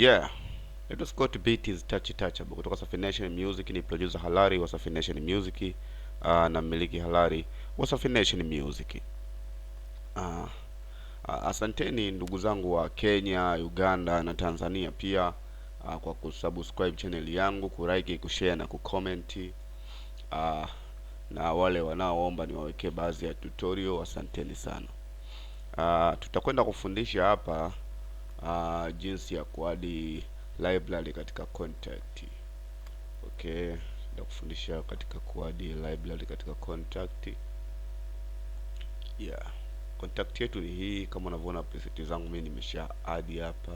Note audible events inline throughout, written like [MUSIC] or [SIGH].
Yeah. Let us go to beat is touchy touchable kutoka Safi Nation Music. Ni producer halari wa Safi Nation Music uh, na mmiliki halari wa Safi Nation Music. Uh, uh, asanteni ndugu zangu wa Kenya, Uganda na Tanzania pia uh, kwa kusubscribe channel yangu, kulike, kushare na kucomment uh, na wale wanaoomba niwawekee baadhi ya tutorial, asanteni sana. Uh, tutakwenda kufundisha hapa uh, jinsi ya kuadi library katika contact. Okay, nitakufundisha katika kuadi library katika contact. Yeah, contact yetu ni hii, kama unavyoona preset zangu mimi nimesha adi hapa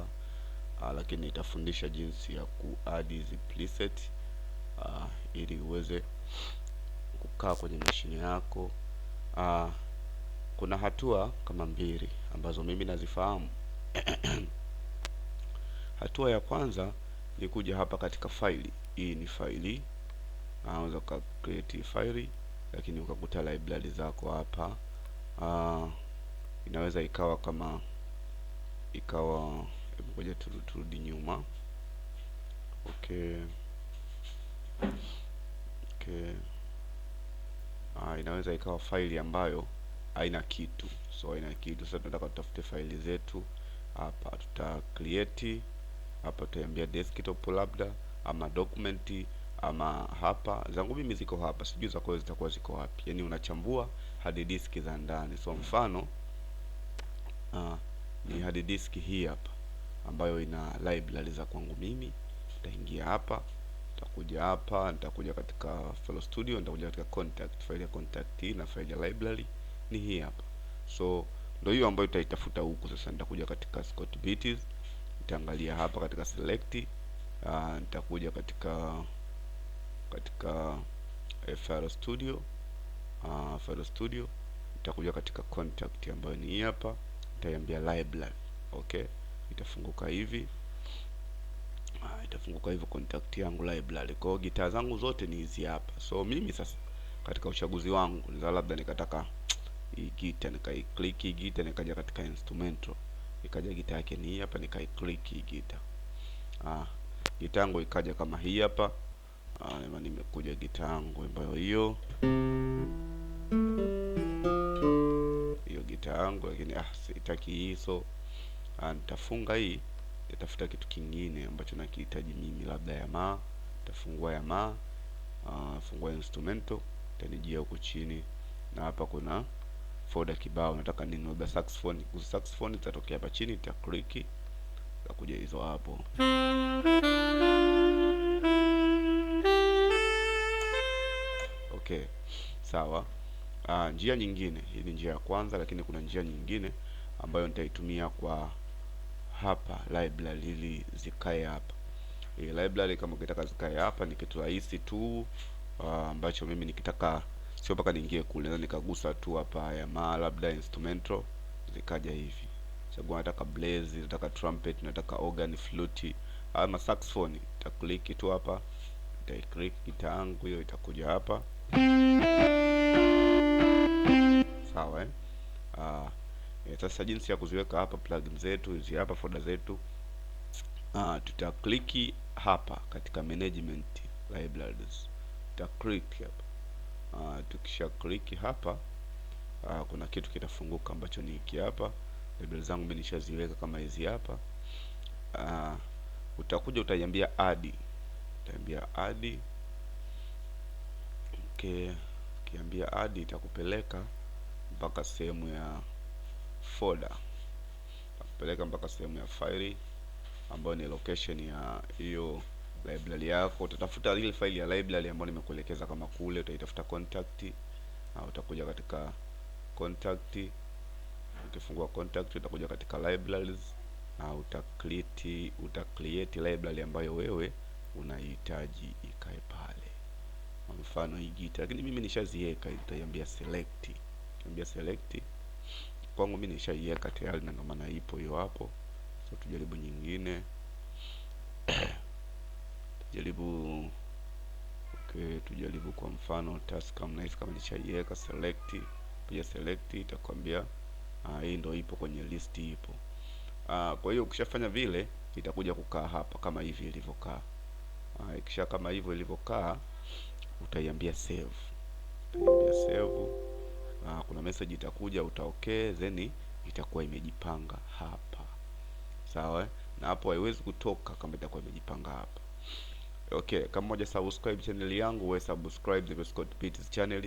uh, lakini nitafundisha jinsi ya kuadi hizi preset uh, ah, ili uweze kukaa kwenye mashine yako uh, kuna hatua kama mbili ambazo mimi nazifahamu [CLEARS THROAT] hatua ya kwanza ni kuja hapa katika faili. Hii ni faili, unaweza uka create faili, lakini ukakuta library zako hapa. Aa, ah, inaweza ikawa kama ikawa, ngoja turudi nyuma. Okay, okay. Aa, ah, inaweza ikawa faili ambayo haina kitu, so haina kitu. Sasa tunataka tutafute faili zetu hapa tuta create hapa, tutaambia desktop labda ama document ama hapa zangu mimi ziko hapa, sijui za kwao zitakuwa ziko wapi. Yani unachambua hard disk za ndani. So mfano uh, ni hard disk hii hapa ambayo ina library za kwangu mimi. Tutaingia hapa, tutakuja hapa, nitakuja katika Fellow Studio, nitakuja katika contact, faili ya contact na faili ya library ni hii hapa so ndio hiyo ambayo itaitafuta huku. Sasa nitakuja katika Scott Beatz, nitaangalia hapa katika select, uh, nitakuja katika katika eh, FL Studio uh, ah, FL Studio nitakuja katika contact ambayo ni hii hapa, nitaiambia library. Okay, itafunguka hivi uh, itafunguka hivyo contact yangu library. Kwa hiyo gitaa zangu zote ni hizi hapa. So mimi sasa katika uchaguzi wangu labda nikataka hii gita, click hii gita, nikaja katika instrumental, ikaja gita yake ni hii hapa, nikaiclick hii gita. Ah, gita yangu ikaja kama hii hapa. Ah, nimekuja gita yangu ambayo hiyo hiyo gita yangu, lakini ah, sitaki hii, so ah, nitafunga hii, nitafuta kitu kingine ambacho nakihitaji mimi, labda yamaa. Nitafungua ma ah, fungua instrumental, tanijia huku chini na hapa kuna folder kibao, nataka nini, labda saxophone. Kuhusu saxophone zitatokea hapa chini, nita click kuja hizo hapo okay, sawa. Uh, njia nyingine, hii ni njia ya kwanza, lakini kuna njia nyingine ambayo nitaitumia kwa hapa library ili zikae hapa. Hii library kama ukitaka zikae hapa ni kitu rahisi tu ah, ambacho mimi nikitaka sio mpaka niingie kule na nikagusa tu hapa, ya ma labda instrumental zikaja hivi, chagua nataka blaze, nataka trumpet, nataka organ, flute ama saxophone, ta click tu hapa, ta click kitangu hiyo itakuja hapa, sawa eh? Ah, eh, sasa jinsi ya kuziweka hapa plugin zetu hizi hapa folder zetu ah, tutakliki hapa katika management libraries, ta click hapa uh, tukisha click hapa uh, kuna kitu kitafunguka ambacho ni hiki hapa. Label zangu mimi nishaziweka kama hizi hapa. Uh, utakuja utaiambia add, utaiambia add. Okay, ukiambia add itakupeleka mpaka sehemu ya folder, itakupeleka mpaka sehemu ya file ambayo ni location ya hiyo library yako, utatafuta ile faili ya library ambayo nimekuelekeza, kama kule utaitafuta contact, na utakuja katika contact. Ukifungua contact, utakuja katika libraries na uta create uta create library ambayo wewe unahitaji ikae pale. Kwa mfano hii git, lakini mimi nishaziweka, nitaiambia select, niambia select. Kwangu mimi nishaiweka tayari, na ndio maana ipo hiyo hapo. So tujaribu nyingine tujaribu okay, tujaribu kwa mfano task kama hizi, kama nishaiweka select, pia select itakwambia ah, hii ndio ipo kwenye list ipo. Ah, kwa hiyo ukishafanya vile itakuja kukaa hapa kama hivi ilivyokaa. Ah, ikisha kama hivyo ilivyokaa utaiambia save, utaiambia save. Ah, kuna message itakuja okay, then itakuwa imejipanga hapa sawa, na hapo haiwezi kutoka kama itakuwa imejipanga hapa. Okay, kama moja subscribe channel yangu, wewe subscribe the Scott Pitt's channel.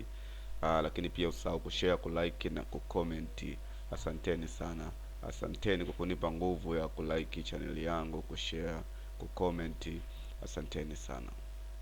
Uh, lakini pia usahau kushare, kulike na kucomment. Asanteni sana. Asanteni kwa kunipa nguvu ya kulike channel yangu, kushare, kucomment. Asanteni sana.